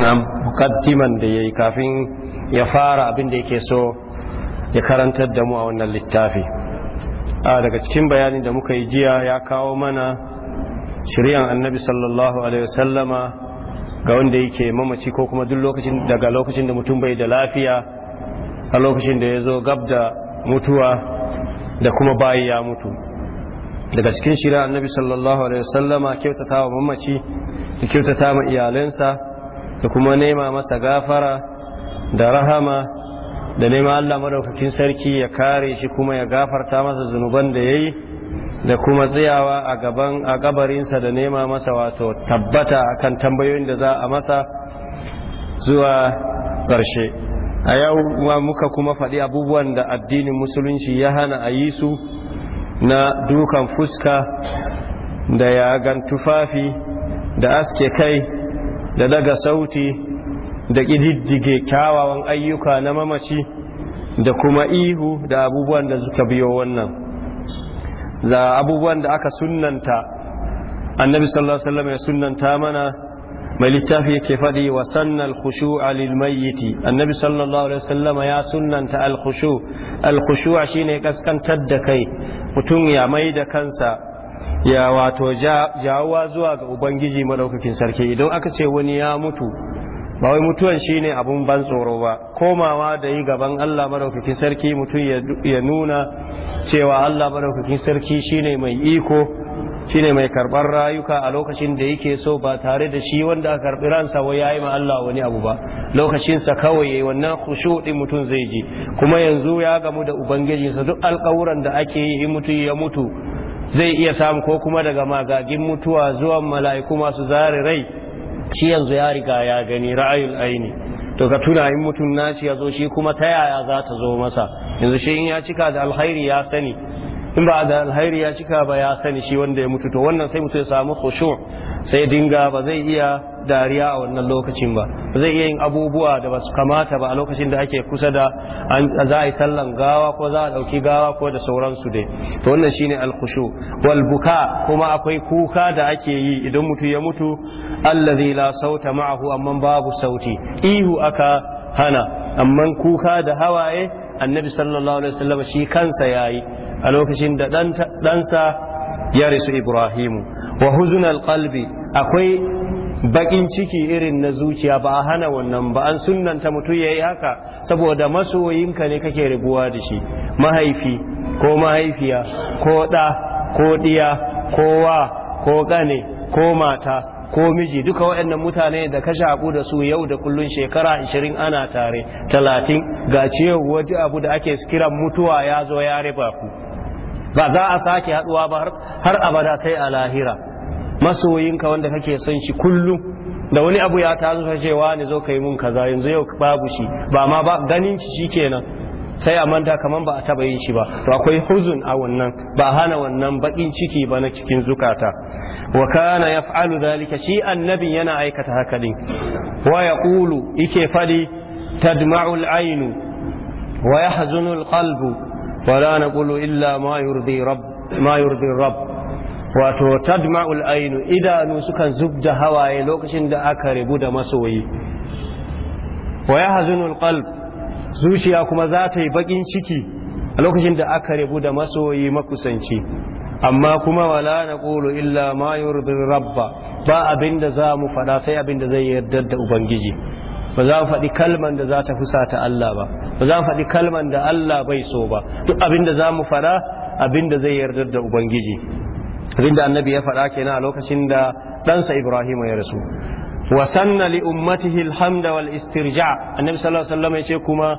na mukaddiman da ya yi kafin ya fara abin da yake so ya karantar da mu a wannan littafi a daga cikin bayanin da muka yi jiya ya kawo mana shirya annabi sallallahu alaihi wasallama ga wanda yake mamaci ko kuma duk lokacin daga lokacin da mutum bai da lafiya a lokacin da ya zo gab da mutuwa da kuma bayi ya mutu daga cikin shirya annabi sallallahu alaihi wasallama kyautata wa mamaci da kyautata ma iyalansa da kuma nema masa gafara da rahama da nema Allah madaukakin sarki ya kare shi kuma ya gafarta masa zunuban da yayi da kuma tsayawa a gaban a gabarinsa da nema masa wato tabbata akan tambayoyin da za a masa zuwa ƙarshe a yau muka kuma faɗi abubuwan da addinin musulunci ya hana a yi su na dukan fuska da yagan tufafi da aske kai da daga sauti da ƙididdige kyawawan ayyuka na mamaci da kuma ihu da abubuwan da suka biyo wannan da abubuwan da aka sunnanta annabi sallallahu alaihi wasallam ya sunnanta mana mai littafi yake faɗi wa sannan khushu lil mayyiti annabi sallallahu alaihi wasallam ya sunnanta al khushu al khushu shine kaskantar da kai mutum ya mai da kansa ya wato jawuwa zuwa ga ubangiji madaukakin sarki idan aka ce wani ya mutu ba wai mutuwan shine abun ban tsoro ba komawa da yi gaban Allah madaukakin sarki mutum ya nuna cewa Allah madaukakin sarki shine mai iko shine mai karɓar rayuka a lokacin da yake so ba tare da shi wanda aka karɓi ransa wai yayi ma Allah wani abu ba lokacinsa kawai ya yi wannan khushu mutum zai ji kuma yanzu ya gamu da ubangijinsa duk alƙawuran da ake yi in mutum ya mutu zai iya samu ko kuma daga magagin mutuwa zuwan mala'iku masu zare rai shi yanzu ya riga ya gani ra'ayin aini to ka tuna in mutum nashi ya zo shi kuma ta yaya za ta zo masa yanzu shi ya cika da alhairi ya sani in ba da alhairi ya cika ba ya sani shi wanda ya mutu to wannan sai mutu ya samu khushu sai dinga ba zai iya dariya a wannan lokacin ba ba zai iya yin abubuwa da ba su kamata ba a lokacin da ake kusa da za a yi sallan gawa ko za a ɗauki gawa ko da sauransu dai to wannan shine alkushu wal buka kuma akwai kuka da ake yi idan mutu ya mutu allazi la sauta ma'ahu amma babu sauti ihu aka hana amma kuka da hawaye annabi sallallahu alaihi wasallam shi kansa yayi a lokacin da ɗansa ya risu ibrahimu wa huzunal ƙalbi akwai bakin ciki irin na zuciya ba a hana wannan ba an sunanta mutum ya yi haka saboda masoyinka ne kake rabuwa da shi mahaifi ko mahaifiya ko ɗa ko ɗiya ko wa ko ƙane ko mata ko miji duka waɗannan mutane da ka shaƙu da su yau da kullun shekara 20 ana tare 30 ga ciyar wani abu da ake kiran mutuwa ya zo ya riba ku ba za a sake haduwa ba har abada sai a lahira masoyinka wanda kake son shi kullum da wani abu ya ta zuwa ce wani zo kai mun kaza yanzu yau babu shi ba ma ba ganin shi shikenan sai a manta kaman ba a taba yin shi ba to akwai huzun a wannan ba hana wannan bakin ciki ba na cikin zukata wa kana yaf'alu dhalika shi annabi yana aikata haka din wa yaqulu yake fadi tadma'u al-ainu wa yahzunu al-qalbu ولا نقول إلا ما يرضي رب ما يرضي الرب wato tadma'ul ainu idanu sukan zubda hawaye lokacin da aka rubu da masoyi wa yahzunul qalb zuciya kuma za ta yi bakin ciki a lokacin da aka rubu da masoyi makusanci amma kuma wala naqulu illa ma yurdi rabba ba abinda za mu fada sai abinda zai yarda da ubangiji ba za mu faɗi kalman da za ta fusata Allah ba ba za mu faɗi kalman da Allah bai so ba duk abin da za mu faɗa abin da zai yarda da ubangiji abin da annabi ya faɗa kenan a lokacin da ɗansa Ibrahim ya rasu wa sanna li ummatihi alhamda wal istirja annabi sallallahu alaihi wasallam ya ce kuma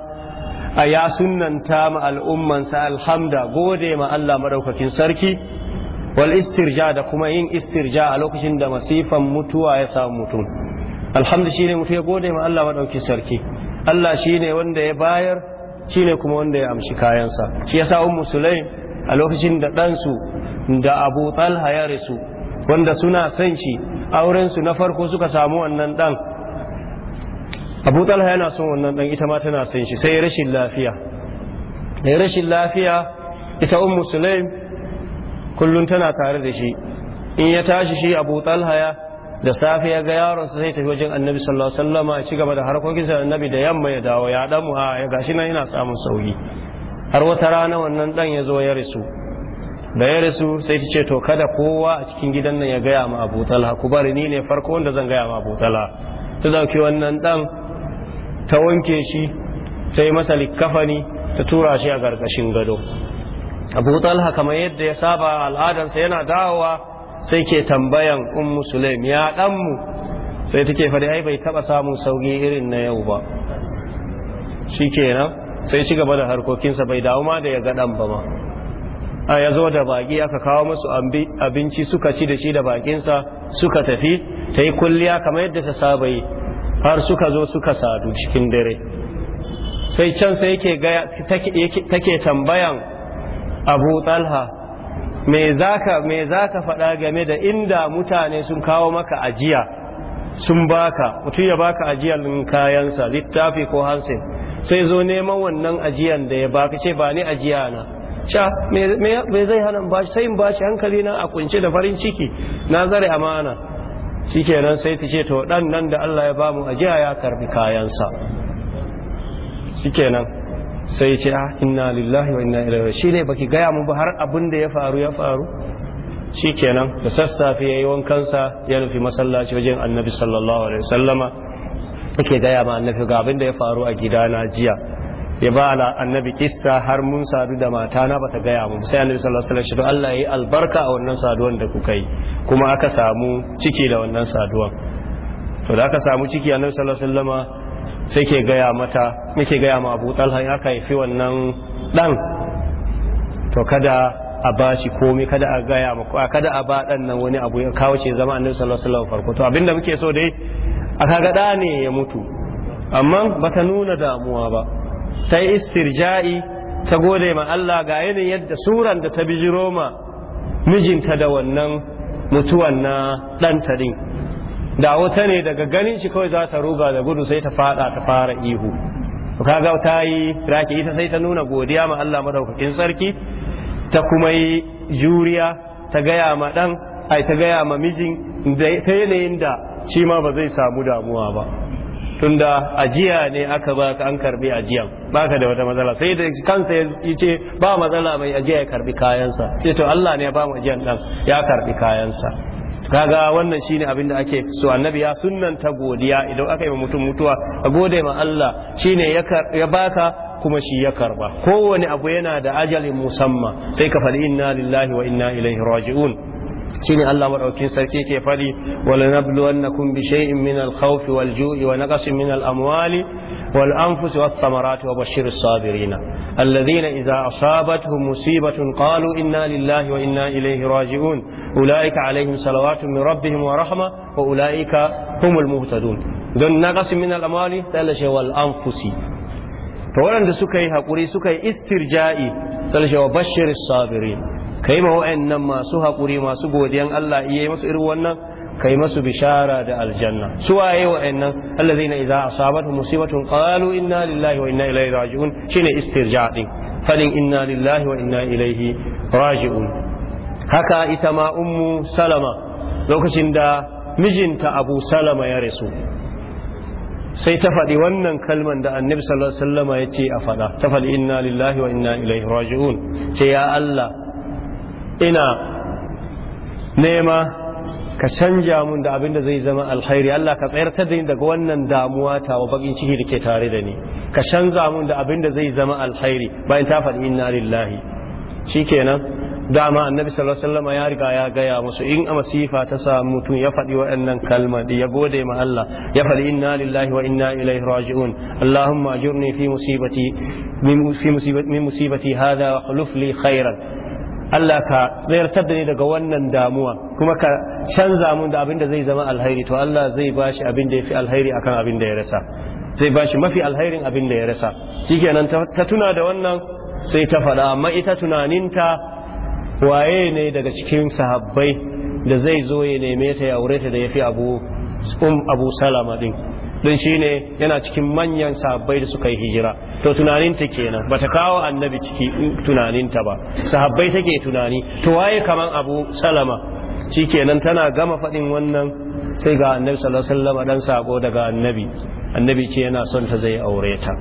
a ya sunnanta ma al'ummansa alhamda gode ma Allah madaukakin sarki wal istirja da kuma yin istirja a lokacin da masifan mutuwa ya samu mutum alhamdu shine mu fiye gode ma Allah maɗauki sarki Allah shine wanda ya bayar shine kuma wanda ya amshi kayansa shi sa ummu sulaim a lokacin da ɗansu da abu talha ya rasu wanda suna son shi aurensu na farko suka samu wannan ɗan abu talha yana son wannan ɗan ita ma tana son shi sai rashin lafiya da rashin lafiya ita ummu sulaim kullum tana tare da shi in ya tashi shi abu talha ya da safe ya ga yaronsa sai tafi wajen annabi sallallahu alaihi wasallam ya ci gaba da harkokinsa annabi da yamma ya dawo ya damu ha ya gashi nan yana samun sauki har wata rana wannan dan ya zo ya risu. da ya risu sai ta ce to kada kowa a cikin gidan nan ya gaya ma Abu Talha ku bari ni ne farko wanda zan gaya ma Abu Talha ta dauki wannan dan ta wanke shi ta yi masa likafani ta tura shi a gargashin gado Abu Talha kamar yadda ya saba al'adarsa yana dawowa sai ke tambayan un musulun ya ɗanmu sai take faɗi ai bai taɓa samun sauƙi irin na yau ba shi kenan sai ci gaba da harkokinsa bai dawo ma da ya ga ɗan ba ma a ya zo da baƙi aka kawo masu abinci suka ci da shi da baƙinsa suka tafi ta yi kulliya kamar yadda ta saba yi har suka zo suka sadu cikin dare sai can sai yake tambayan abu talha me zaka me zaka faɗa game da inda mutane sun kawo maka ajiya sun baka mutum ya baka ajiyar kayansa littafi ko hansin sai zo neman wannan ajiyan da ya baka ce ba ni ajiya na sha me zai hana shi sai in bashi hankali na a kunce da farin ciki na zare amana shikenan sai ta ce to dan nan da Allah ya bamu ajiya ya karbi kayansa shikenan sai ce a ah, inna lillahi wa inna ilaihi shi ne baki gaya mu ba har abin da ya faru ya faru shi kenan da sassafe ya yi wankansa ya nufi masallaci wajen annabi sallallahu alaihi wasallama yake gaya ma annabi ga abin da ya faru a gidana jiya ya ba ala annabi kissa har mun sadu da mata na bata gaya mu sai annabi sallallahu alaihi wasallam Allah ya yi albarka a wannan saduwan da kuka yi kuma aka samu ciki da wannan saduwan to da aka samu ciki annabi sallallahu alaihi wasallama sai ke gaya mata muke gaya ma abu talha ya haifi wannan dan to kada a bashi komai kada a gaya ma kada a ba dan nan wani abu ya kawo ce zama annabi sallallahu alaihi wasallam farko to abinda muke so dai aka ga da ne ya mutu amma bata nuna damuwa ba ta istirja'i ta gode ma Allah ga yanayin yadda suran da ta bijiro ma mijinta da wannan mutuwan na ta din. da wata ne daga ganin shi kawai za ta ruga da gudu sai ta fada ta fara ihu To kaga ta yi raki ita sai ta nuna godiya ma Allah madaukakin sarki ta kuma yi juriya ta gaya ma dan ai ta gaya ma mijin ta yanayin da shi ma ba zai samu damuwa ba tunda ajiya ne aka ba ka an karbi ajiyan baka da wata matsala sai da kansa ya ce ba matsala mai ajiya ya karbi kayansa sai to Allah ne ya ba mu ajiyan dan ya karbi kayansa kaga wannan shine abin da ake so annabi ya sunnanta godiya idan aka yi mutum mutuwa a gode ma Allah shine ya baka kuma shi ya karba kowane abu yana da ajalin musamman sai ka faɗi inna lillahi wa inna ilaihi raji'un shine Allah madaukin sarki ke faɗi wala nabluwannakum bi shay'in min al wal-ju'i wa naqsin min al-amwali والأنفس والثمرات وبشر الصابرين الذين إذا أصابتهم مصيبة قالوا إنا لله وإنا إليه راجعون أولئك عليهم صلوات من ربهم ورحمة وأولئك هم المهتدون دون نقص من الأموال سألش والأنفس فولن سكي هقري سكي استرجائي سألش وبشر الصابرين kai ma wa'annan masu haƙuri masu godiyan Allah iya masu irin wannan kai masu bishara da aljanna su waye wa'annan allazina idza asabatu musibatun qalu inna lillahi wa inna ilayhi raji'un shine istirja din fadin inna lillahi wa inna ilayhi raji'un haka ita ma ummu salama lokacin da mijinta abu salama ya rasu sai ta faɗi wannan kalman da annabi sallallahu alaihi wasallam ya ce a faɗa ta faɗi inna lillahi wa inna ilayhi raji'un ce ya Allah ina nema ka canja mun da abin da zai zama alkhairi Allah ka tsayar ta ni daga wannan damuwa ta wa bakin ciki da ke tare da ni ka canza mun da abin da zai zama alkhairi bayan ta faɗi inna lillahi shikenan dama annabi sallallahu alaihi wasallam ya riga ya gaya musu in a masifa ta samu mutum ya faɗi waɗannan kalmar ya gode ma Allah ya faɗi inna lillahi wa inna ilaihi raji'un allahumma ajurni fi musibati min musibati min musibati hadha wa khuluf li khairan Allah ka tsayartar da ni daga wannan damuwa kuma ka canza mun da abin da zai zama alhairi to Allah zai bashi abin da ya fi alhairi akan abin da ya rasa zai bashi mafi alhairin abin da ya rasa shikenan ta tuna da wannan sai ta faɗa amma ita tunaninta waye ne daga cikin sahabbai da zai zo ya neme ta ya aure ta da ya fi abu um, abu salama din don shi ne yana cikin manyan sahabbai da suka yi hijira to tunaninta kenan ba ta kawo annabi ciki tunaninta ba sahabbai take tunani to waye kaman abu salama shi kenan tana gama faɗin wannan sai ga annabi sallallahu alaihi wasallam dan sako daga annabi annabi ce yana son ta zai aure ta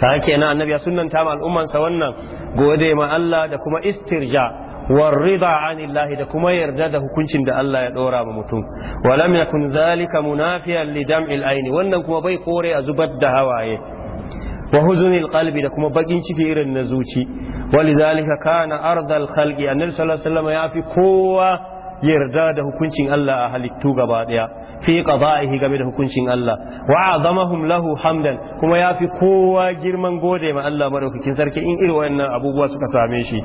ta kenan annabi ya sunnanta ma al'ummansa wannan gode ma Allah da kuma istirja warrida anillahi da kuma yarda da hukuncin da Allah ya dora ma mutum walam yakun zalika munafiyan li dam'il aini wannan kuma bai kore a zubar da hawaye wa huzunil qalbi da kuma bakin ciki irin na zuci walidhalika kana ardal khalqi annabi sallallahu alaihi wasallam ya fi kowa yarda da hukuncin Allah a halittu gaba daya fi qada'ihi game da hukuncin Allah wa azamahum lahu hamdan kuma ya fi kowa girman gode ma Allah madaukakin sarki in irin wannan abubuwa suka same shi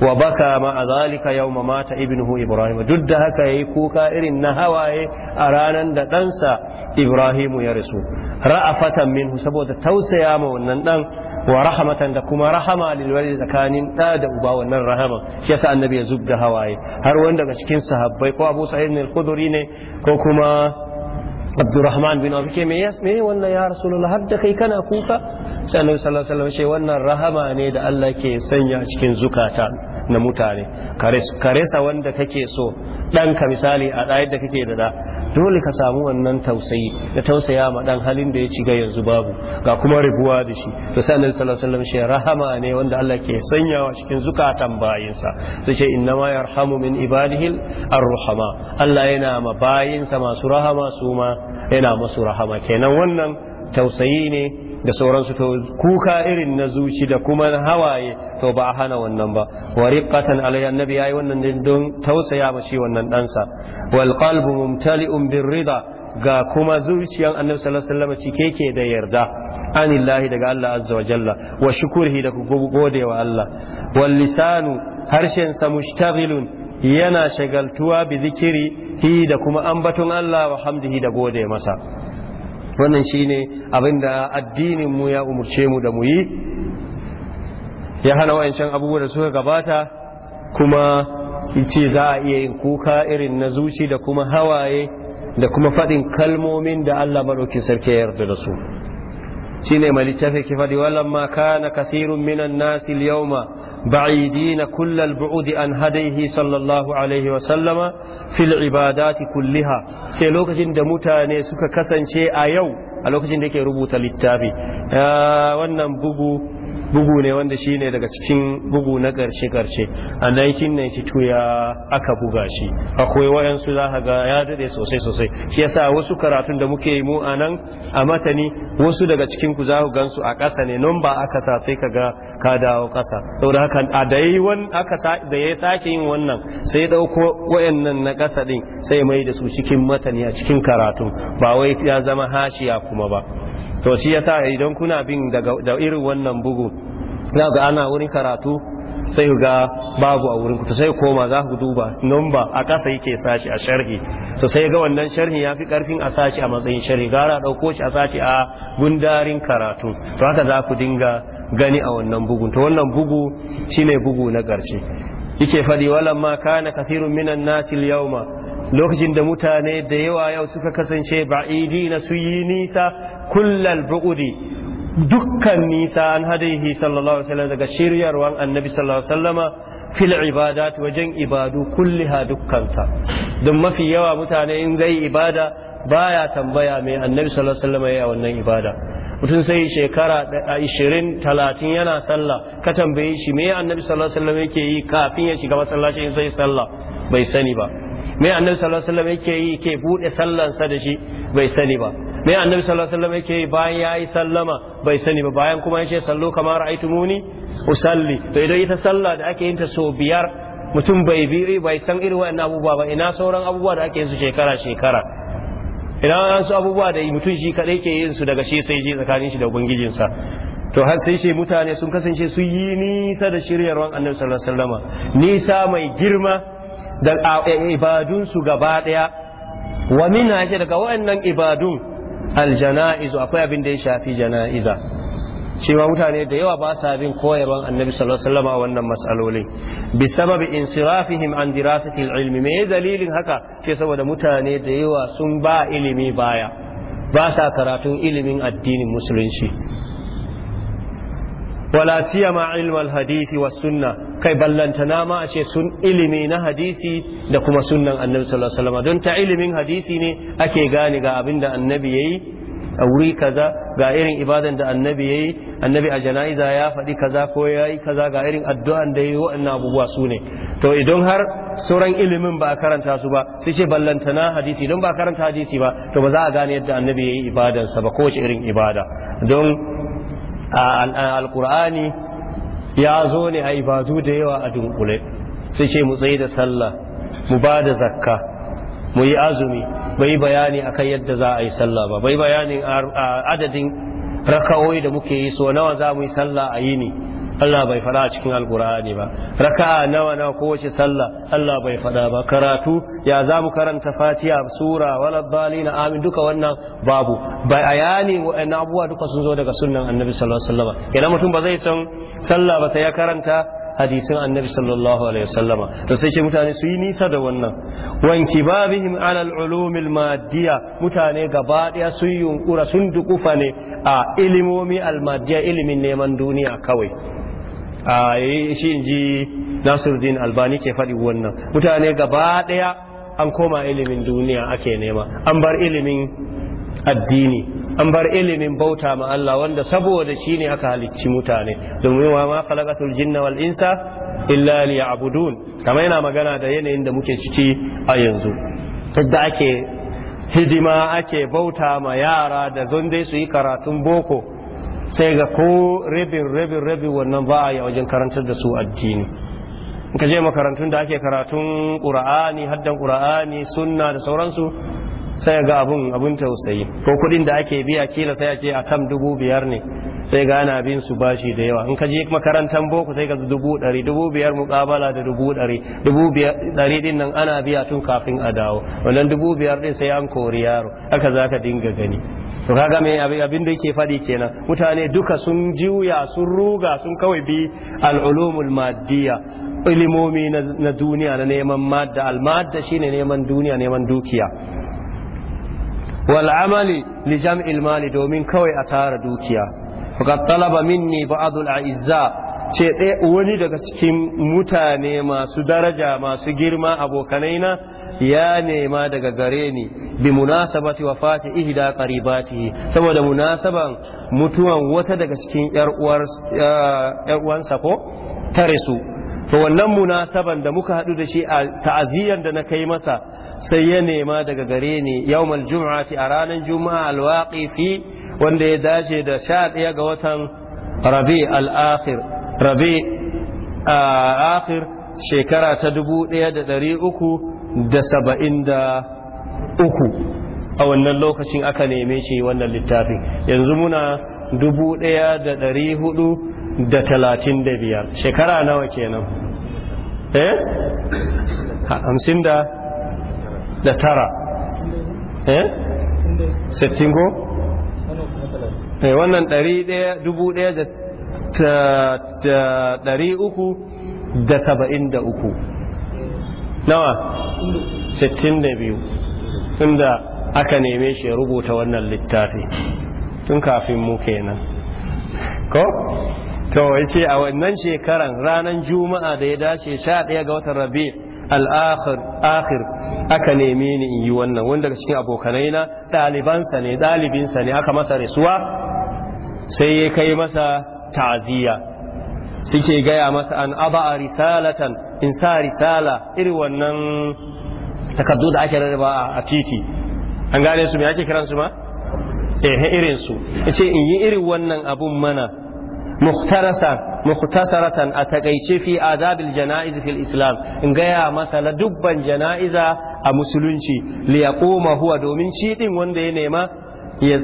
wa baka ma zalika yawma mata ibnuhu ibrahim duk da haka yayi kuka irin na hawaye a ranar da ɗansa ibrahim ya rasu ra'afatan minhu saboda tausaya ma wannan dan wa rahmatan da kuma rahama lil walid tsakanin da da uba wannan rahama shi yasa annabi ya zubda hawaye har wanda daga cikin sahabbai ko abu sa'id al-khudri ne ko kuma Abdurrahman bin Abi me yas me wannan ya Rasulullah har da kai kana kuka sai Annabi sallallahu alaihi wasallam ce wannan rahama ne da Allah ke sanya a cikin zukata na mutane ka resa wanda kake so ɗanka misali a ɗayar da kake da da dole ka samu wannan tausayi da tausaya ma dan halin da ya ciga yanzu babu ga kuma ribuwa da shi to sai annabi sallallahu alaihi wasallam shi rahama ne wanda Allah ke sanyawa cikin zukatan bayinsa sai ce inna ma yarhamu min ibadihi arrahama Allah yana ma bayinsa masu rahama su ma yana masu rahama kenan wannan tausayi ne da sauransu to kuka irin na zuci da kuma hawaye to ba a hana wannan ba wa riqatan alai annabi yayi wannan din don tausaya ma shi wannan sa wal qalbu mumtali'un birrida ga kuma zuciyan annabi sallallahu alaihi wasallam cike ke da yarda anillahi daga Allah azza wa jalla wa shukrihi da godewa Allah wal lisanu harshen sa mushtaghilun yana shagaltuwa bi zikiri hi da kuma ambaton Allah wa hamdihi da gode masa wannan shine abinda addinin mu ya umarce mu da mu yi ya hana wayancan abubuwa da suka gabata kuma ce za a iya yin kuka irin na zuci da kuma hawaye da kuma faɗin kalmomin da Allah maɗaukin sarki ya yarda da su sine mai littafi ke faɗi walamma kana kasirin minan nasi yawma ba'idina kullal bu'udi an hadaihi sallallahu alaihi wa sallama fil ibadati kulliha sai lokacin da mutane suka kasance a yau a lokacin da yake rubuta littafi wannan bugu bugu ne wanda shi ne daga cikin bugu na ƙarshe-ƙarshe a 1992 ya aka buga shi akwai wayansu za ka ga ya daɗe sosai-sosai shi yasa wasu karatun da muke yi mu a nan a matani wasu daga cikin ku za ku gansu a ƙasa ne nan ba aka sa sai ka ga ka dawo ƙasa saboda haka a da yi da ya sake yin wannan sai ɗauko wayannan na ƙasa ɗin sai mai da su cikin matani a cikin karatun ba wai ya zama hashiya kuma ba to shi yasa idan kuna bin da irin wannan bugu za ga ana wurin karatu sai ga babu a wurin to sai koma za ku duba number a ƙasa yake sashi a sharhi to sai ga wannan sharhi ya fi ƙarfin a sashi a matsayin sharhi gara ɗauko shi a sashi a gundarin karatu to haka za ku dinga gani a wannan bugu. to wannan bugu shine bugu na ƙarshe yake faɗi walamma kana kasirun minan nasi al lokacin da mutane da yawa yau suka kasance ba'idi na su yi nisa kullal bu'udi dukkan nisa an hadaihi sallallahu alaihi wasallam daga shiryarwan annabi sallallahu alaihi wasallama fil ibadat wajen ibadu kulliha dukkanta don mafi yawa mutane in zai ibada baya tambaya mai annabi sallallahu alaihi wasallama ya wannan ibada mutum sai shekara 20 30 yana sallah ka tambaye shi me annabi sallallahu alaihi wasallama yake yi kafin ya shiga masallacin in sai sallah bai sani ba me annabi sallallahu alaihi wasallam yake yi ke bude sallansa da shi bai sani ba me annabi sallallahu alaihi wasallam yake yi bayan yayi sallama bai sani ba bayan kuma yace sallu kama ra'aytumuni usalli to idan ita sallah da ake yin ta so biyar mutum bai bi bai san irin wannan abubuwa ba ina sauran abubuwa da ake yin su shekara shekara ina an su abubuwa da mutum shi kadai ke yin su daga shi sai ji tsakanin shi da ubangijinsa to har sai shi mutane sun kasance su yi nisa da shiryarwan annabi sallallahu alaihi wasallam nisa mai girma da e, ibadunsu gaba ɗaya wa min shi daga waɗannan ibadun aljana'izu akwai abin da ya shafi jana'iza cewa mutane da yawa ba sa bin koyarwan annabi sallallahu alaihi wasallam wannan matsalolin bi sababi insirafihim an dirasati ilmi me dalilin haka ke saboda mutane da yawa sun ba ilimi baya ba sa karatun ilimin addinin musulunci wala siya ma ilmal hadisi wa sunna kai ballanta na ma a ce sun ilimi na hadisi da kuma sunnan annabi sallallahu alaihi wasallam don ta ilimin hadisi ne ake gane ga abinda da annabi yayi a wuri kaza ga irin ibadan da annabi yayi annabi a jana'iza ya faɗi kaza ko yayi kaza ga irin addu'an da yayi wa'annan abubuwa su ne to idan har sauran ilimin ba a karanta su ba sai ce ballantana hadisi don ba a karanta hadisi ba to ba za a gane yadda annabi yayi ibadansa ba kowace irin ibada don Alƙur'ani ya zo ne a ibadu da yawa a dunkule sai ce mu tsaye da sallah mu ba da zakka mu yi azumi bai bayani akan yadda za a yi sallah ba bai bayanin adadin raka'o'i da muke yi so nawa za mu yi sallah a yini Allah bai faɗa a cikin alkur'ani ba raka'a nawa nawa kowace sallah Allah bai faɗa ba karatu ya za mu karanta fatiha sura wala dalina amin duka wannan babu bayani wa'annan abubuwa duka sun zo daga sunnan annabi sallallahu alaihi wasallam idan mutum ba zai san sallah ba sai ya karanta hadisin annabi sallallahu alaihi wasallama to sai ce mutane su yi nisa da wannan wan kibabihim ala al madiya mutane gaba daya sun yunkura sun dukufa ne a ilimomi al ilimin neman duniya kawai shi in ji nasiruddin albani ke faɗi wannan mutane gaba ɗaya an koma ilimin duniya ake nema an bar ilimin addini an bar ilimin bauta ma Allah wanda saboda shi ne aka halicci mutane domin wa ma khalaqatul jinna wal insa illa liya'budun kamar yana magana da yanayin da muke ciki a yanzu yadda ake hidima ake bauta ma yara da dai su yi karatun boko sai ga ko rabin rabin rabin wannan ba a yi wajen karantar da su addini in ka je makarantun da ake karatun ƙura'ani haddan ƙura'ani sunna da sauransu sai ga abun abun tausayi ko kuɗin da ake biya kila sai a ce a tam dubu biyar ne sai ga ana bin su bashi da yawa in ka je makarantar boko sai ga dubu ɗari dubu biyar muƙabala da dubu ɗari dubu ɗari ɗin nan ana biya tun kafin a dawo wannan dubu biyar ɗin sai an kori yaro haka zaka dinga gani to kaga mai abin da yake faɗi kenan mutane duka sun juya sun ruga sun kawai bi al'ulumul maddiya ilimomi na duniya na neman madda al-madda shine neman duniya neman dukiya wal amali li jam'il mali domin kawai a tara dukiya faqad talaba minni ba'd aizza ce wani daga cikin mutane masu daraja masu girma abokanaina ya nema daga gare ni bi munasabati wafati ihda qaribati saboda munasaban mutuwan wata daga cikin yar uwansa ko ta su to wannan munasaban da muka hadu da shi a ta'aziyar da na kai masa sai ya nema daga gare ni yawmal jum'ati a ranar juma'a alwaqi fi wanda ya dace da 11 ga watan rabi al-akhir rabi a akhir shekara ta dubu daya da da da dari uku saba'in uku a wannan lokacin aka neme shi wannan littafin yanzu muna dubu daya da da da dari hudu talatin biyar. shekara nawa kenan eh hamsin da da tara eh sittin go eh wannan dari daya daya dubu da. ɗari uku nawa sittin da tunda aka neme shi ya rubuta wannan littafi tun kafin mu kenan ko to yace a wannan shekaran ranar juma'a da ya dace sha ɗaya ga watan rabi al-akhir aka neme ni in yi wannan wanda daga cikin abokanai na ɗalibansa ne ɗalibinsa ne aka masa rasuwa sai ya kai masa Ta'aziyya suke gaya masa an aba risalatan in sa risala irin wannan takardu da ake rarraba a titi an gane su me ake kiran su ma eh irin su yace in yi irin wannan abun mana muhtarasa muhtasaratan a takaice fi adabil janaiz fil islam in gaya masa la dubban janaiza a musulunci li yaquma huwa domin shi din wanda ya nema ya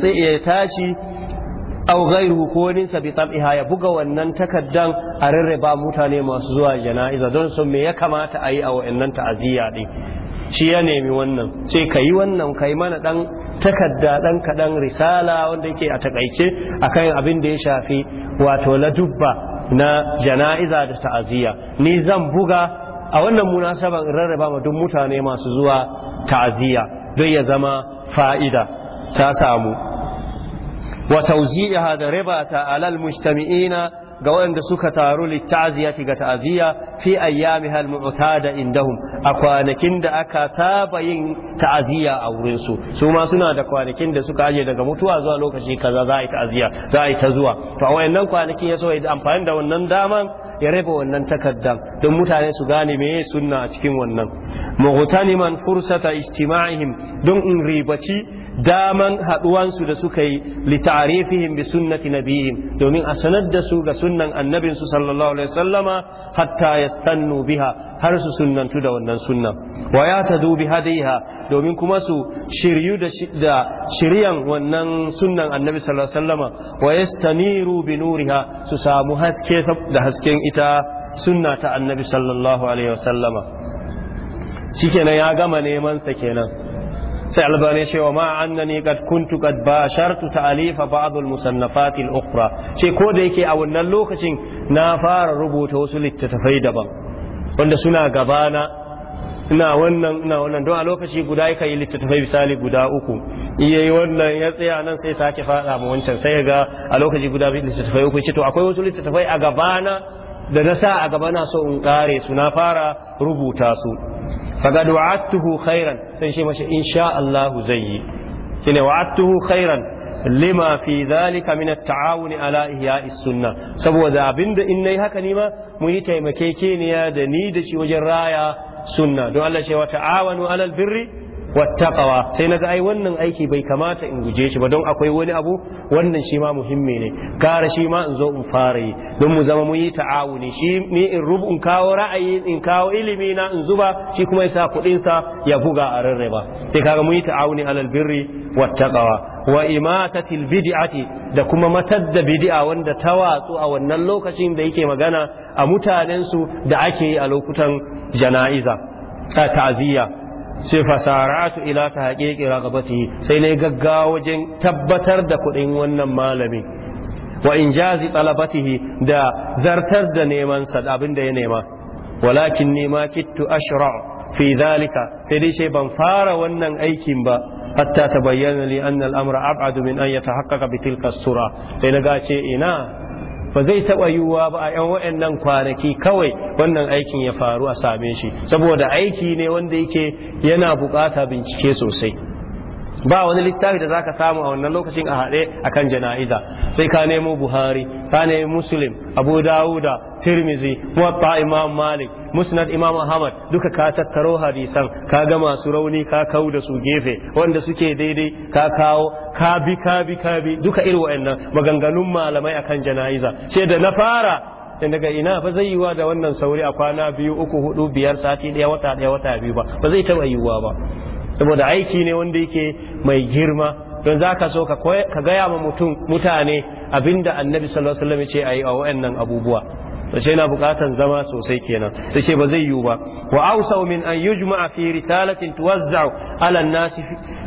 tashi aw ghairuhu ko wani sabi tab'iha ya buga wannan takaddan a rarraba mutane masu zuwa jana'iza don sun me ya kamata a yi a wa'annan ta'aziyya din shi ya nemi wannan sai ka yi wannan kai mana dan takadda dan kaɗan risala wanda yake a takaice akan abin da ya shafi wato ladubba na jana'iza da ta'aziyya ni zan buga a wannan munasaban rarraba ma duk mutane masu zuwa ta'aziyya don ya zama fa'ida ta samu wa tawzi'iha da riba ta alal mujtami'ina ga waɗanda suka taru litta'ziyati ga ta'ziya fi ayyamiha al-mu'tada indahum a kwanakin da aka saba yin ta'ziya a wurin su su ma suna da kwanakin da suka aje daga mutuwa zuwa lokaci kaza za a yi ta'ziya za a yi ta zuwa to a wayannan kwanakin ya so amfani da wannan daman ya raba wannan takardan don mutane su gane meye sunna a cikin wannan man fursata ijtima'ihim don in ribaci daman haduwansu da suka yi li ta'rifihim bi sunnati nabihim domin a sanar da su ga sunnan annabin su sallallahu alaihi wasallama hatta yastannu biha har su sunnantu da wannan sunnan wa ya tadu bi hadiha domin kuma su shiryu da shiryan wannan sunnan annabi sallallahu alaihi wasallama wa yastaniru bi nuriha su samu haske da hasken ita sunna ta annabi sallallahu alaihi wasallama shikenan ya gama neman sa kenan sai albani cewa ma annani qad kuntu qad bashartu ta'alifa ba'd al-musannafat al-ukhra ce ko da yake a wannan lokacin na fara rubuta wasu littattafai daban wanda suna gabana ina wannan ina wannan don a lokaci guda yake yi littattafai misali guda uku iya yi wannan ya tsaya nan sai sake fada mu wancan sai ga a lokaci guda bi littattafai uku ce to akwai wasu littattafai a gabana da na sa a gaba na so in kare su na fara rubuta su faga wa'adtuhu khairan sai shi mashi insha Allah zai yi shine wa'attuhu khairan lima fi zalika min at-ta'awun ala ihya'i sunna saboda abinda in nayi haka ni ma mu yi taimakekeniya da ni da shi wajen raya sunna don Allah shi wa ta'awanu alal birri wattaqawa sai naga ai wannan aiki bai kamata in guje shi ba don akwai wani abu wannan shi ma muhimmi ne kara shi ma in zo in fara yi don mu zama mu yi ta'awuni shi ni in rubu in kawo ra'ayi in kawo ilimi na in zuba shi kuma ya sa kuɗin sa ya buga a rarraba sai kaga mu yi ta'awuni alal birri wattaqawa wa imatatil bid'ati da kuma matar da bid'a wanda ta watsu a wannan lokacin da yake magana a mutanen su da ake yi a lokutan jana'iza ta'aziyya sai fasaratu ila ta haƙiƙi ragabati sai na gaggawa wajen tabbatar da kuɗin wannan malami wa in jazi talabatihi da zartar da neman sa abin da ya nema walakin nema kittu ashra fi zalika sai dai sai ban fara wannan aikin ba hatta ta bayyana li anna amra ab'adu min an ta bi tilka sura sai na ga ce ina ba zai taɓa yiwuwa ba a yan nan kwanaki kawai wannan aikin ya faru a same shi saboda aiki ne wanda yake yana buƙata bincike sosai ba wani littafi da zaka samu a wannan lokacin a haɗe akan jana'iza sai ka nemo buhari ka nemo muslim abu dawuda tirmizi muwatta imam malik musnad imam ahmad duka ka tattaro hadisan ka ga masu rauni ka kawo da su gefe wanda suke daidai ka kawo ka bi ka bi ka bi duka irin wa'annan maganganun malamai akan jana'iza ce da na fara da daga ina ba zai yiwa da wannan sauri a kwana biyu uku hudu biyar sati daya wata daya wata biyu ba ba zai taɓa yiwuwa ba saboda aiki ne wanda yake mai girma don za ka so ka gaya ma mutum mutane abinda annabi sallallahu alaihi wasallam ya ce a yi a wa'annan abubuwa to ce na bukatan zama sosai kenan sai ce ba zai yiwu ba wa ausa min an yujma'a fi risalatin tuwazza'u ala nasi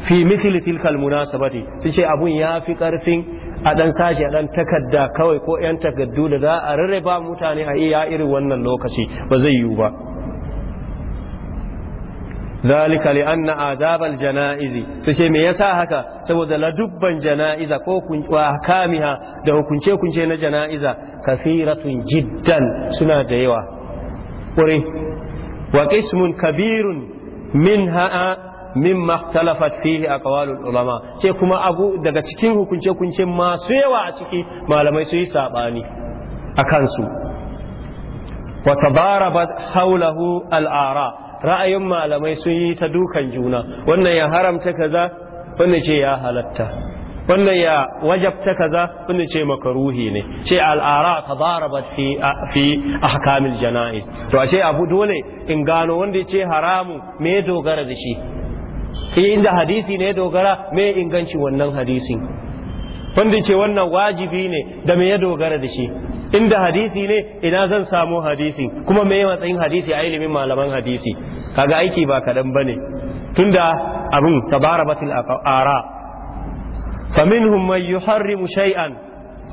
fi misli tilkal munasabati sai ce abun ya fi karfin a dan sashi a dan takarda kawai ko yan takardu da za a rarraba mutane a iya irin wannan lokaci ba zai yiwu ba zalika li anna azabal janaizi su ce me yasa haka saboda ladubban janaiza ko kunwa kamiha da hukunce kunce na janaiza kathiratun jiddan suna da yawa kure wa qismun kabirun minha mimma ikhtalafat fihi aqwalul ulama ce kuma abu daga cikin hukunce kunce masu yawa a ciki malamai su yi sabani akan su wa tabarabat haulahu al'ara ra'ayin malamai sun yi ta dukan juna wannan ya haramta kaza wannan ce ya halatta wannan ya wajabta kaza wannan ce makaruhi ne ce al'ara zaraba fi fi ahkamil janaiz to ashe abu dole in gano wanda ce haramu me dogara da shi inda hadisi ne dogara me inganci wannan hadisin wanda ce wannan wajibi ne da me ya dogara da shi inda hadisi ne ina zan samu hadisi kuma me matsayin hadisi a ilimin malaman hadisi kaga aiki ba kaɗan bane tunda abin tabarabatil ara faminhum man yuharrimu shay'an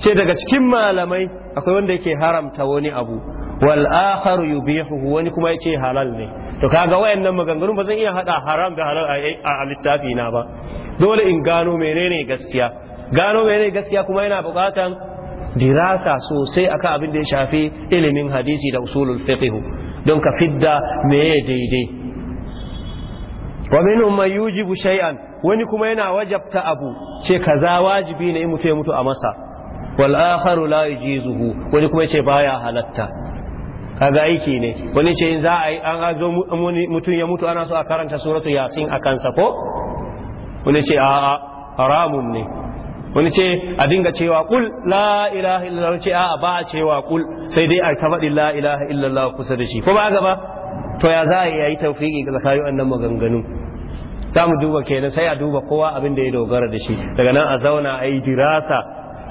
ce daga cikin malamai akwai wanda yake haramta wani abu wal akhar yubihu wani kuma yace halal ne to kaga wayannan maganganun ba zan iya hada haram da halal a littafi na ba dole in gano menene gaskiya gano menene gaskiya kuma yana bukatan dirasa sosai akan abin da ya shafi ilimin hadisi da usulul fiqh don ka fidda meye daidai wa min umma yujibu shay'an wani kuma yana wajabta abu ce kaza wajibi ne mutu ya mutu a masa wal akharu la yujizuhu wani kuma ce baya halatta kaga aiki ne wani ce in za a yi an azo mutum ya mutu ana so a karanta suratu yasin akansa sa ko wani ce a'a haramun ne wani ce a dinga cewa kul la ilaha illallah ce a ba a cewa kul sai dai a ta faɗi la ilaha illallah kusa da shi ko ba gaba to ya za a yi tawfiki ga kayo annan maganganu za mu duba kenan sai a duba kowa abin da ya dogara da shi daga nan a zauna a yi dirasa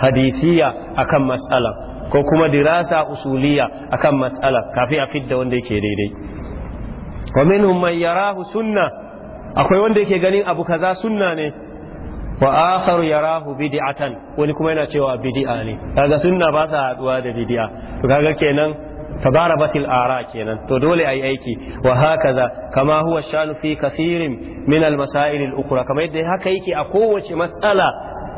hadisiya akan mas'ala ko kuma dirasa usuliya akan mas'ala kafin a fidda wanda yake daidai wa minhum man yarahu sunna akwai wanda yake ganin abu kaza sunna ne wa akharu yarahu bid'atan wani kuma yana cewa bid'a ne kaga sunna ba sa haduwa da bid'a to kaga kenan tadarabatil ara kenan to dole ayi aiki wa hakaza kama huwa shanu fi kasirin min al masail al ukhra kamar yadda haka yake a kowace matsala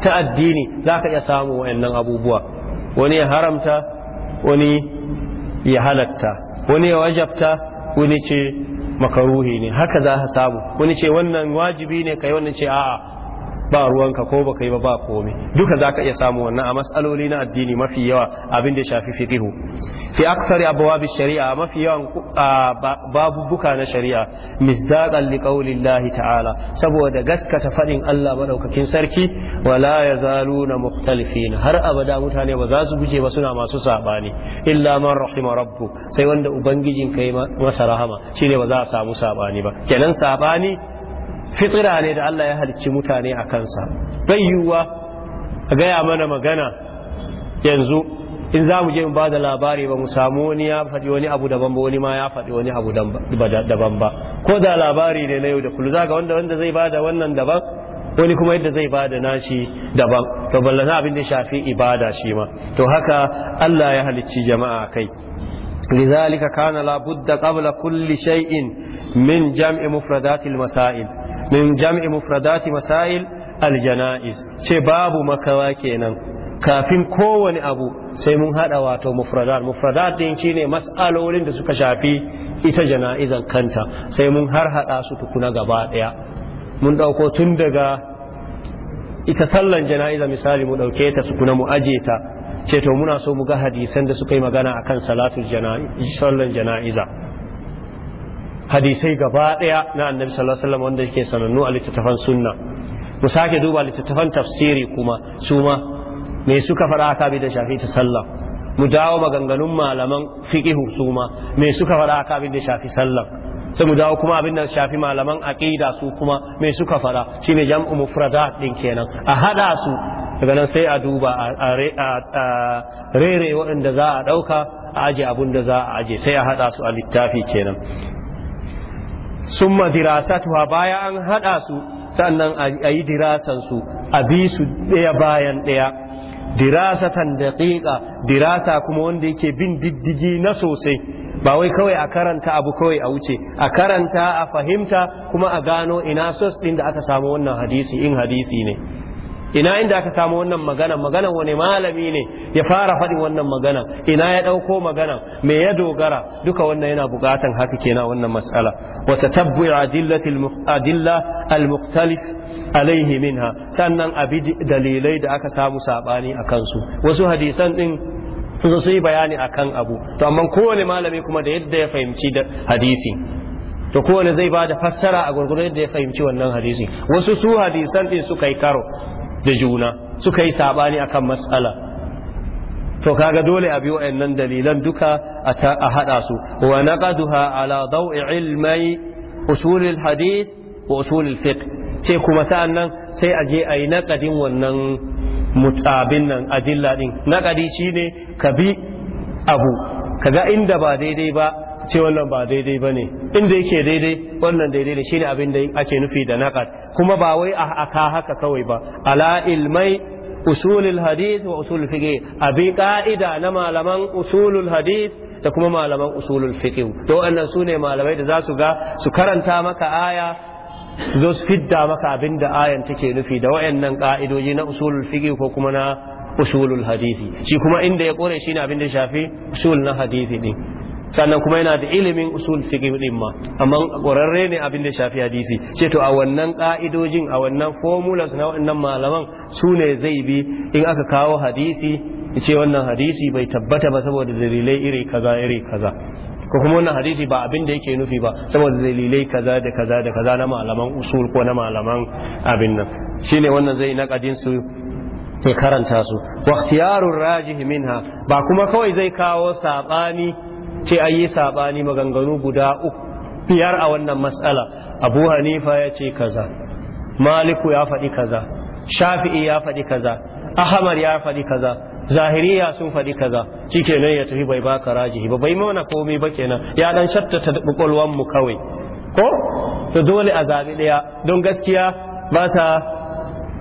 ta addini zaka iya samu wayannan abubuwa wani ya haramta wani ya halatta wani ya wajabta wani ce makaruhi ne haka za ka samu wani ce wannan wajibi ne kai wannan ce a'a ba ruwanka ko baka yi ba ba komai duka zaka iya samu wannan a matsaloli na addini mafi yawa abin da shafi fiqihu fi aksari abwabi shari'a mafi yawan babubuka na shari'a misdaqan liqaulillahi ta'ala saboda gaskata fadin Allah madaukakin sarki wala yazaluna mukhtalifin har abada mutane ba za su guje ba suna masu sabani illa man rahima rabbu sai wanda ubangijin kai masa rahama shine ba za a samu sabani ba kenan sabani fitira ne da Allah ya halicci mutane a kansa bai yiwuwa a gaya mana magana yanzu in za mu je in ba da labari ba mu samu wani ya faɗi wani abu daban ba wani ma ya faɗi wani abu daban ba ko da labari ne na yau da kullum za ga wanda wanda zai bada wannan daban wani kuma yadda zai bada nashi daban to ballana abin da shafi ibada shi ma to haka Allah ya halicci jama'a kai لذلك كان لابد قبل كل شيء من جمع مفردات المسائل min jam'i mufradati masail aljana'iz ce babu makawa kenan kafin kowane abu sai mun hada wato mufradat mufradat din shine mas'alolin da suka shafi ita jana'izan kanta sai mun har hada su tukuna gaba daya mun dauko tun daga ita sallan jana'iza misali mu dauke ta tukuna mu aje ta ce to muna so mu ga hadisan da suka yi magana akan salatul jana'iza sallan jana'iza hadisai gaba daya na annabi sallallahu alaihi wasallam wanda yake sanannu a littattafan sunna mu sake duba littattafan tafsiri kuma su ma me suka faɗa aka bi da shafi ta sallah mu dawo maganganun malaman fiqihu su ma me suka faɗa aka bi da shafi sallah sai mu dawo kuma abin da shafi malaman aqida su kuma me suka faɗa shine jam'u mufradat din kenan a hada su daga nan sai a duba a rere waɗanda za a ɗauka a aje abun da za a aje sai a hada su a littafi kenan summa dirasatuha baya an hada su sannan a yi dirasan su a bi su daya bayan daya dirasatan daqiqa dirasa kuma wanda yake bin diddigi na sosai ba wai kawai a karanta abu kawai a wuce a karanta a fahimta kuma a gano ina sos din da aka samu wannan hadisi in hadisi ne ina inda aka samu wannan magana magana wani malami ne ya fara faɗin wannan magana ina ya ɗauko magana me ya dogara duka wannan yana buƙatan haka kenan wannan mas'ala Wata tatabbu adillati adilla al alaihi minha sannan abi dalilai da aka samu sabani a kansu. wasu hadisan din su su yi bayani kan abu to amma kowane malami kuma da yadda ya fahimci da hadisi to kowane zai ba da fassara a gurgurar yadda ya fahimci wannan hadisi wasu su hadisan ɗin suka yi karo da juna suka yi sabani akan matsala to kaga dole a bi nan dalilan duka a hada su wa naqaduha ala daw'i ilmai usulul hadith wa usulil fiqh sai kuma sa'an nan sai a je ayi naqadin wannan mutabin nan adilla din naqadi shine ka bi abu kaga inda ba daidai ba ce wannan ba daidai ba ne inda yake daidai wannan daidai ne shine abin da ake nufi da naqas kuma ba wai a aka haka kawai ba ala ilmai usulul hadith wa usulul fiqh abi ka'ida na malaman usulul hadith da kuma malaman usulul fiqh to wannan sune malamai da za su ga su karanta maka aya zo su fidda maka abin da ayan take nufi da wayannan ka'idoji na usulul fiqh ko kuma na usulul hadisi shi kuma inda ya kore shine abin da shafi usul na hadisi din sannan kuma yana da ilimin usul fiqh din ma amma ƙwararre ne abin da shafi hadisi ce to a wannan ka'idojin a wannan formulas na wannan malaman su ne zai bi in aka kawo hadisi ce wannan hadisi bai tabbata ba saboda dalilai iri kaza iri kaza ko kuma wannan hadisi ba abin da yake nufi ba saboda dalilai kaza da kaza da kaza na malaman usul ko na malaman abin nan shine wannan zai naƙadin su ke karanta su wa ikhtiyarur rajih minha ba kuma kawai zai kawo sabani ce an yi saɓani maganganu guda uku biyar a wannan matsala abu hanifa ya ce kaza maliku ya faɗi kaza shafi'i ya faɗi kaza ahmad ya faɗi kaza zahiriya sun faɗi kaza shikenan ya tafi bai baka rajihi ba bai mana komai ba kenan ya dan shattata kwakwalwan mu kawai ko to dole a zabi ɗaya don gaskiya ba ta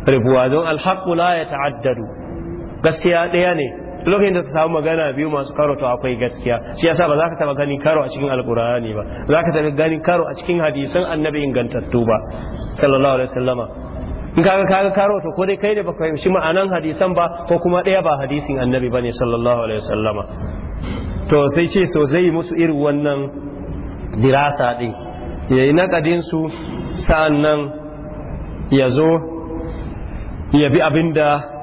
rabuwa don alhaqu la ya ta'addadu gaskiya ɗaya ne lokacin da ta samu magana biyu masu karo to akwai gaskiya shi yasa ba za ka taba ganin karo a cikin alkur'ani ba za ka taba ganin karo a cikin hadisan annabi ingantattu ba sallallahu alaihi wasallama in kaga kaga karo to ko dai kai ne ba baka shi ma'anan hadisan ba ko kuma ɗaya ba hadisin annabi bane sallallahu alaihi wasallama to sai ce so zai musu irin wannan dirasa din yayi nakadin su sa'annan ya zo ya bi abinda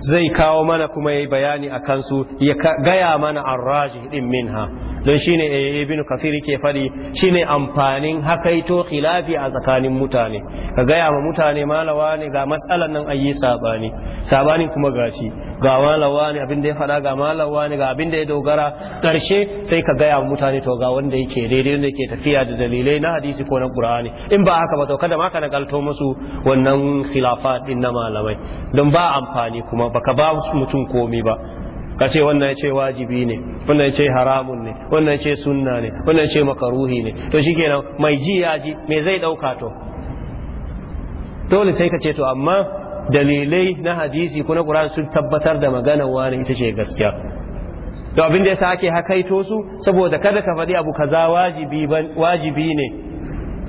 zai kawo mana kuma ya yi bayani a kansu ya gaya mana an rajin ɗin minha don shine ibn kafir ke fadi shine amfanin hakaito khilafi a tsakanin mutane ka gaya ma mutane malawa ne ga matsalan nan ayi sabani sabani kuma gashi ga malawa ne abin da ya fada ga malawa ne ga abin da ya dogara ƙarshe sai ka gaya ma mutane to ga wanda yake daidai wanda yake tafiya da dalilai na hadisi ko na qur'ani in ba haka ba to kada ma ka nagalto musu wannan khilafa din na malamai don ba amfani kuma baka ba mutum komi ba ka ce wannan ce wajibi ne wannan ce haramun ne wannan ce sunna ne wannan ce makaruhi ne to shi kenan mai ji ya ji me zai ɗauka to dole sai ka ce to amma dalilai na hadisi ko na ƙuran sun tabbatar da magana wani ita ce gaskiya to abin da yasa ake hakaito su saboda kada ka faɗi abu kaza wajibi ne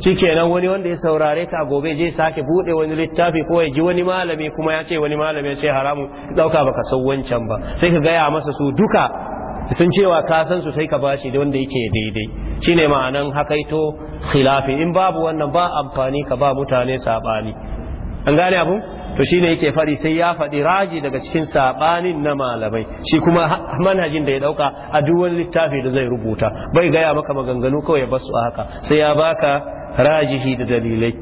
shikenan wani wanda ya saurare ka gobe je sake bude wani littafi ko ya ji wani malami kuma ya ce wani malami ya ce haramun dauka baka san wancan ba sai ka gaya masa su duka sun cewa ka san su sai ka bashi da wanda yake daidai shine ma'anan hakaito khilafi in babu wannan ba amfani ka ba mutane sabani an gane abu to shine yake fari sai ya faɗi raji daga cikin sabanin na malamai shi kuma manhajin da ya dauka a duk wani littafi da zai rubuta bai gaya maka maganganu kawai basu a haka sai ya baka rajihi da dalilai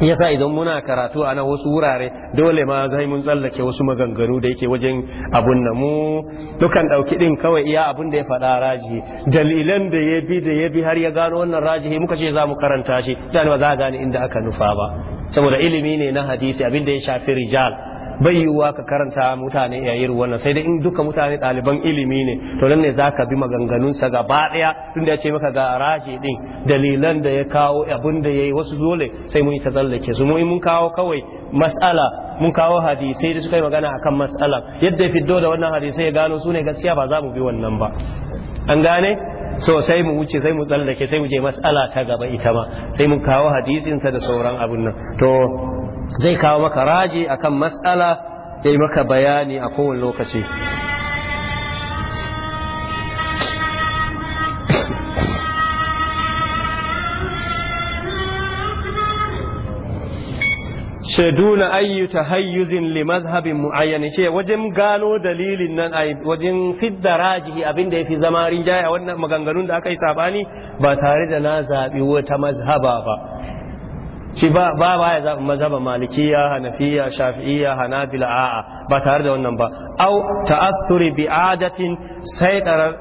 yasa idan muna karatu a nan wasu wurare dole ma zai mun tsallake wasu maganganu da yake wajen abun na mu dukan ɗauki ɗin kawai iya abun da ya faɗa rajihi dalilan da ya bi da ya bi har ya gano wannan rajihi muka ce za mu karanta shi dan ba za a gane inda aka nufa ba saboda ilimi ne na hadisi abin da ya shafi rijal bai yiwuwa ka karanta mutane ya yi wannan sai dai in duka mutane ɗaliban ilimi ne to nan ne za ka bi maganganunsa gaba ɗaya tun da ya ce maka ga rashi ɗin dalilan da ya kawo abin da ya yi wasu dole sai mun yi ta tsallake su mu mun kawo kawai mas'ala mun kawo hadisai da suka yi magana akan mas'ala yadda ya fiddo da wannan hadisai ya gano su ne gaskiya ba za mu bi wannan ba an gane so sai mu wuce sai mu tsallake sai mu je mas'ala ta gaba ita ma sai mu kawo hadisin ta da sauran abin nan to zai kawo maka raji akan mas'ala ya maka bayani a kowane lokaci ce duna ayyuta hayyuzin limazhabin mazhabin ce wajen gano dalilin nan a wajen fidda rajihi abinda ya fi zama a wannan maganganun da aka yi sabani ba tare da na zaɓi wata mazhaba ba shi ba ba ya zaɓi mazhaba malikiya hanafiya shafi'iya hanabila a'a ba tare da wannan ba au ta'assuri bi adatin saidarar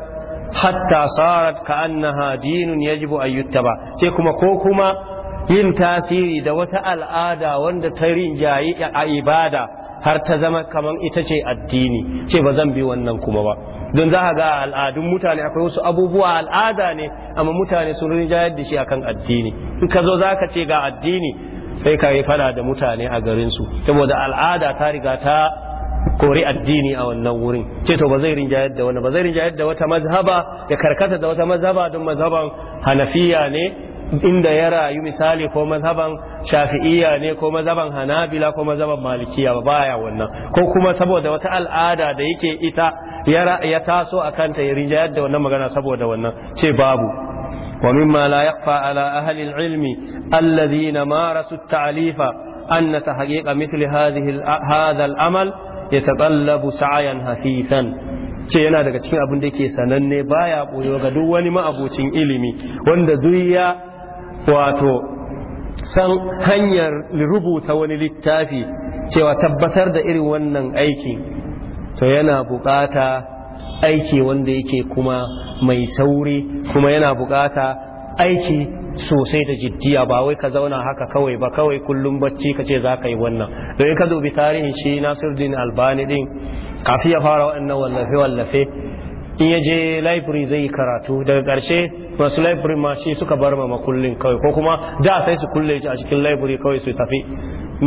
hatta sarat ka'annaha dinun yajibu ayyuta ba. sai kuma ko kuma yin tasiri da wata al'ada wanda ta rinjayi a ibada har ta zama kamar ita ce addini ce ba zan bi wannan kuma ba don za a ga al'adun mutane akwai wasu abubuwa al'ada ne amma mutane sun rinjayar da shi akan addini in ka zo za ka ce ga addini sai ka yi fada da mutane a garinsu saboda al'ada ta riga ta kori addini a wannan wurin ce to ba zai rinjayar da wani ba zai rinjayar da wata mazhaba ya karkata da wata mazhaba don mazhaban hanafiya ne inda ya rayu misali ko mazhaban shafi'iyya ne ko mazhaban hanabila ko mazhaban malikiya ba baya wannan ko kuma saboda wata al'ada da yake ita ya taso a ya rinjayar da wannan magana saboda wannan ce babu wa ومما لا ilmi على marasu العلم الذين مارسوا التعليف أن mithli hadhihi hadha al-amal يتطلب sa'yan حثيثا ce yana daga cikin abin da yake sananne baya boyo ga duk wani ma'abocin ilimi wanda duk ya wato san hanyar rubuta wani littafi cewa tabbatar da irin wannan aiki to yana bukata aiki wanda yake kuma mai sauri kuma yana bukata aiki sosai da jiddiya ba wai ka zauna haka kawai ba kawai kullum bacci ka ce za ka yi wannan don ka dubi tarihin shi nasiruddin albani din kafi ya fara wannan wallafe-wallafe in ya je library zai yi karatu daga ƙarshe masu library ma shi suka bar ma makullin kawai ko kuma da sai su kulle shi a cikin library kawai su tafi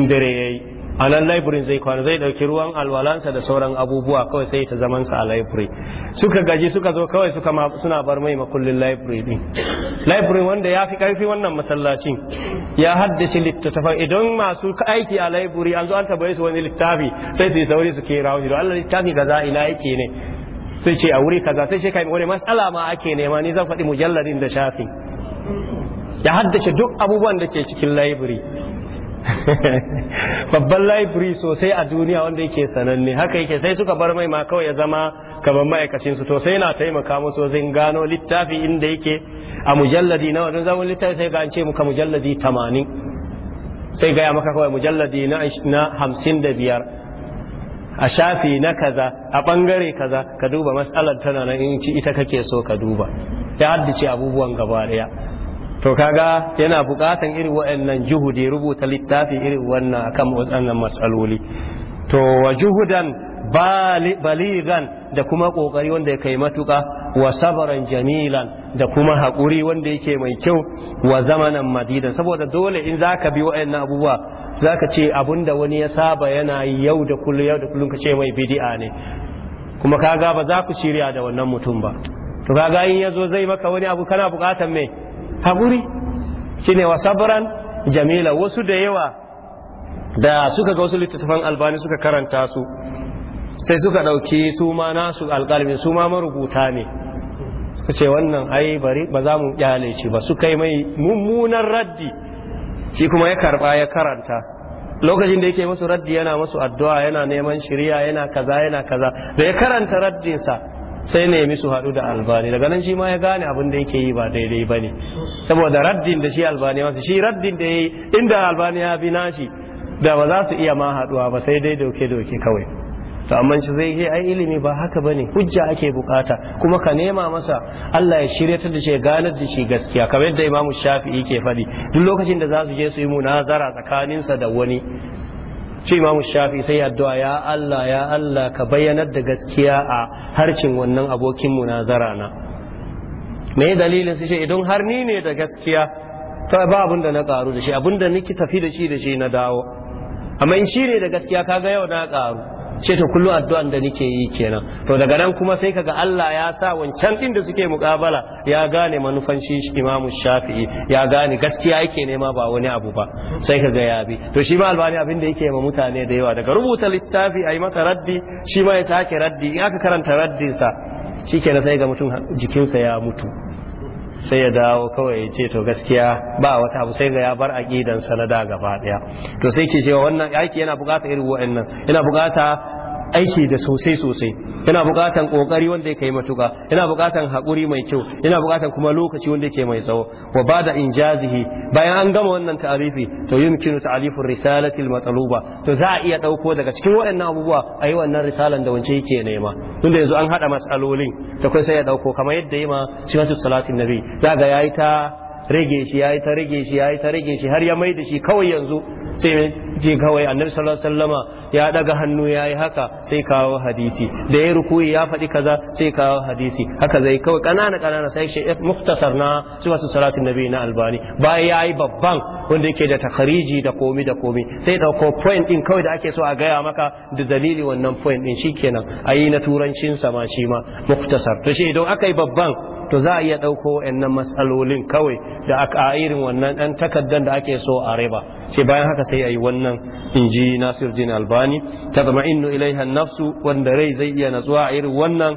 dare ya yi. a nan library zai kwana zai dauki ruwan alwalansa da sauran abubuwa kawai sai ta zaman a library suka gaji suka zo kawai suka ma suna bar mai makullin library din library wanda ya fi karfi wannan masallacin ya haddace littattafan idan masu aiki a library an zo an tabbaye su wani littafi sai su yi sauri su ke wani don Allah littafi gaza ina yake ne sai ce a wuri kaza sai ce kai wani mas'ala ma ake nema ni zan faɗi mujalladin da shafi ya haddace duk abubuwan da ke cikin library babban library sosai a duniya wanda yake sananne haka yake sai suka bar mai ma kawai ya zama kaman ma'aikacin su to sai na taimaka musu wajen gano littafi inda yake a mujalladi na wajen zaman littafi sai ga an ce muka mujalladi tamanin sai gaya maka kawai mujalladi na hamsin da biyar a shafi na kaza a bangare kaza ka duba matsalar tana nan in ci ita kake so ka duba ya haddace abubuwan gaba daya to kaga yana bukatan irin waannan juhudi rubuta littafi irin wannan akan waɗannan matsaloli to wa juhudan baligan da kuma kokari wanda ya kai matuka wa sabaran jamilan da kuma haƙuri wanda yake mai kyau wa zamanan madidan saboda dole in za ka bi wa'annan abubuwa za ka ce abinda wani ya saba yana yau da kullum yau da kullum ka ce mai bidi'a ne kuma kaga ba za ku shirya da wannan mutum ba to kaga in yazo zai maka wani abu kana buƙatar me haƙuri shine wa sabaran jamila wasu da yawa da suka ga wasu littattafan albani suka karanta su sai suka ɗauki su ma nasu alƙalmi su ma marubuta ne suka ce wannan ai bari ba za mu kyale shi ba su kai mai mummunan raddi shi kuma ya karɓa ya karanta lokacin da yake masu raddi yana masu addu'a yana neman shirya yana kaza yana kaza da ya karanta raddinsa sai ne misu haɗu da albani daga nan shi ma ya gane abin da yake yi ba daidai ba ne saboda raddin da shi albani masu shi raddin da ya yi inda albani ya bi nashi da ba za su iya ma haɗuwa ba sai dai doke doke kawai to amma shi zai yi ai ilimi ba haka bane hujja ake bukata kuma ka nema masa Allah ya ta da shi ya ganar da shi gaskiya kamar yadda Imam Shafi'i ke faɗi duk lokacin da za su je su yi munazara tsakaninsa da wani shi Imam Shafi'i sai addu'a ya Allah ya Allah ka bayyanar da gaskiya a harcin wannan abokin munazara na me dalilin su ce idan har ni ne da gaskiya ta ba abin da na karu da shi abin da nake tafi da shi da shi na dawo amma in shi ne da gaskiya kaga yau na karu ce to kullum addu'an da nake yi kenan to daga nan kuma sai kaga Allah ya sa wancan din da suke mukabala ya gane manufan shi Imam Shafi'i ya gane gaskiya yake nema ba wani abu ba sai kaga ya bi to shi ma albani abin da yake ma mutane da yawa daga rubuta littafi ayi masa raddi shi ma ya sake raddi in aka karanta raddin raddinsa shikenan sai ga mutum jikinsa ya mutu sai ya dawo kawai ya ce to gaskiya ba wata abu sai ga ya bar na da gaba ɗaya to sai ke cewa wannan aiki yana bukata irin wa'annan yana bukata aiki da sosai sosai yana bukatan kokari wanda yake matuka yana bukatan hakuri mai kyau yana bukatan kuma lokaci wanda yake mai tsawo wa bada injazihi bayan an gama wannan ta'arifi to yumkinu ta'rifu risalati al to za a iya dauko daga cikin waɗannan abubuwa ayi wannan risalan da wance yake nema tunda yanzu an hada masalolin da kai sai ya dauko kamar yadda yima sifatu salatin nabi za ga yayi ta rage shi yayi ta rage shi yayi ta rage shi har ya mai da shi kawai yanzu sai me kawai annabi sallallahu alaihi wasallama ya daga hannu yayi haka sai kawo hadisi da ya rukuyi ya faɗi kaza sai kawo hadisi haka zai kawai kanana kanana sai shi muftasar na sifatu salatin nabi na albani bayan yayi babban wanda yake da takhariji da komi da komi sai dauko point din kawai da ake so a gaya maka da dalili wannan point din shikenan ayi na turancin sa ma shi ma muftasar to shi idan akai babban to za a iya ɗauko wa'annan matsalolin kawai da aka irin wannan ɗan takaddan da ake so a riba ce bayan haka sai a yi wannan inji nasir jin albani ta zama innu nafsu wanda rai zai iya natsuwa a irin wannan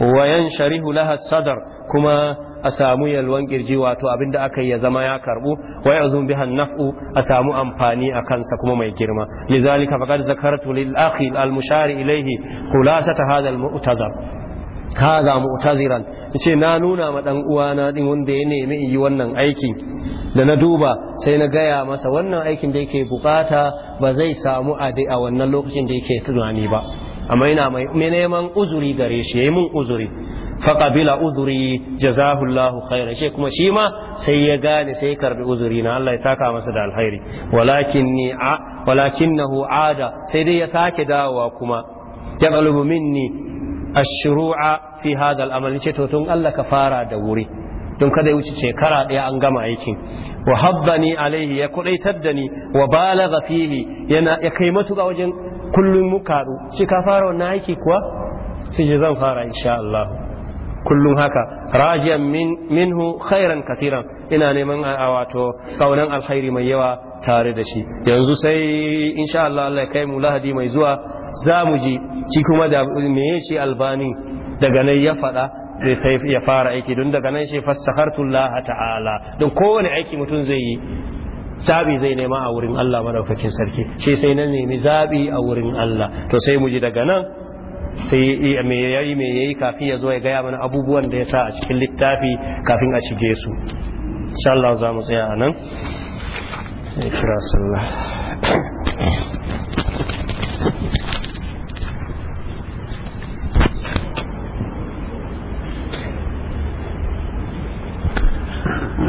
wayan sharihu laha sadar kuma a samu yalwan kirji wato abin da aka yi ya zama ya karbu wa yazun bihan naf'u a samu amfani a kansa kuma mai girma lidhalika faqad zakartu lil akhi al mushari ilayhi khulasata hadha al mu'tazar ga mu'taziran yace na nuna ma dan uwana din wanda ya nemi yi wannan aikin da na duba sai na gaya masa wannan aikin da yake bukata ba zai samu a a wannan lokacin da yake tunani ba amma ina mai neman uzuri gare shi yayi mun uzuri fa qabila uzuri jazahullahu Allahu khairan shi kuma shi ma sai ya gane sai ya karbi uzuri na Allah ya saka masa da alkhairi walakinni a walakinahu ada sai dai ya sake dawowa kuma ya minni ashru'a fi hadha al-amal ce to tun Allah ka fara da wuri don kada ya wuce shekara ɗaya an gama aikin wa habbani alaihi ya kudaitar da ni wa balagha fihi yana ya kai matuƙa wajen kullum mu shi ka fara wannan aiki kuwa sai zan fara insha Allah kullum haka rajiyan minhu khairan kasiran ina neman wato kaunan alkhairi mai yawa tare da shi yanzu sai insha Allah Allah kai mu lahadi mai zuwa za mu ji shi kuma da meye ce albani daga nan ya faɗa sai ya fara aiki don daga nan shi fastakhartullah ta'ala don kowane aiki mutum zai yi zabi zai nema a wurin Allah madaukakin sarki shi sai na nemi zabi a wurin Allah to sai mu ji daga nan sai me yayi me yayi kafin ya zo ya gaya mana abubuwan da ya sa a cikin littafi kafin a shige su insha Allah za mu tsaya a nan إكراس الله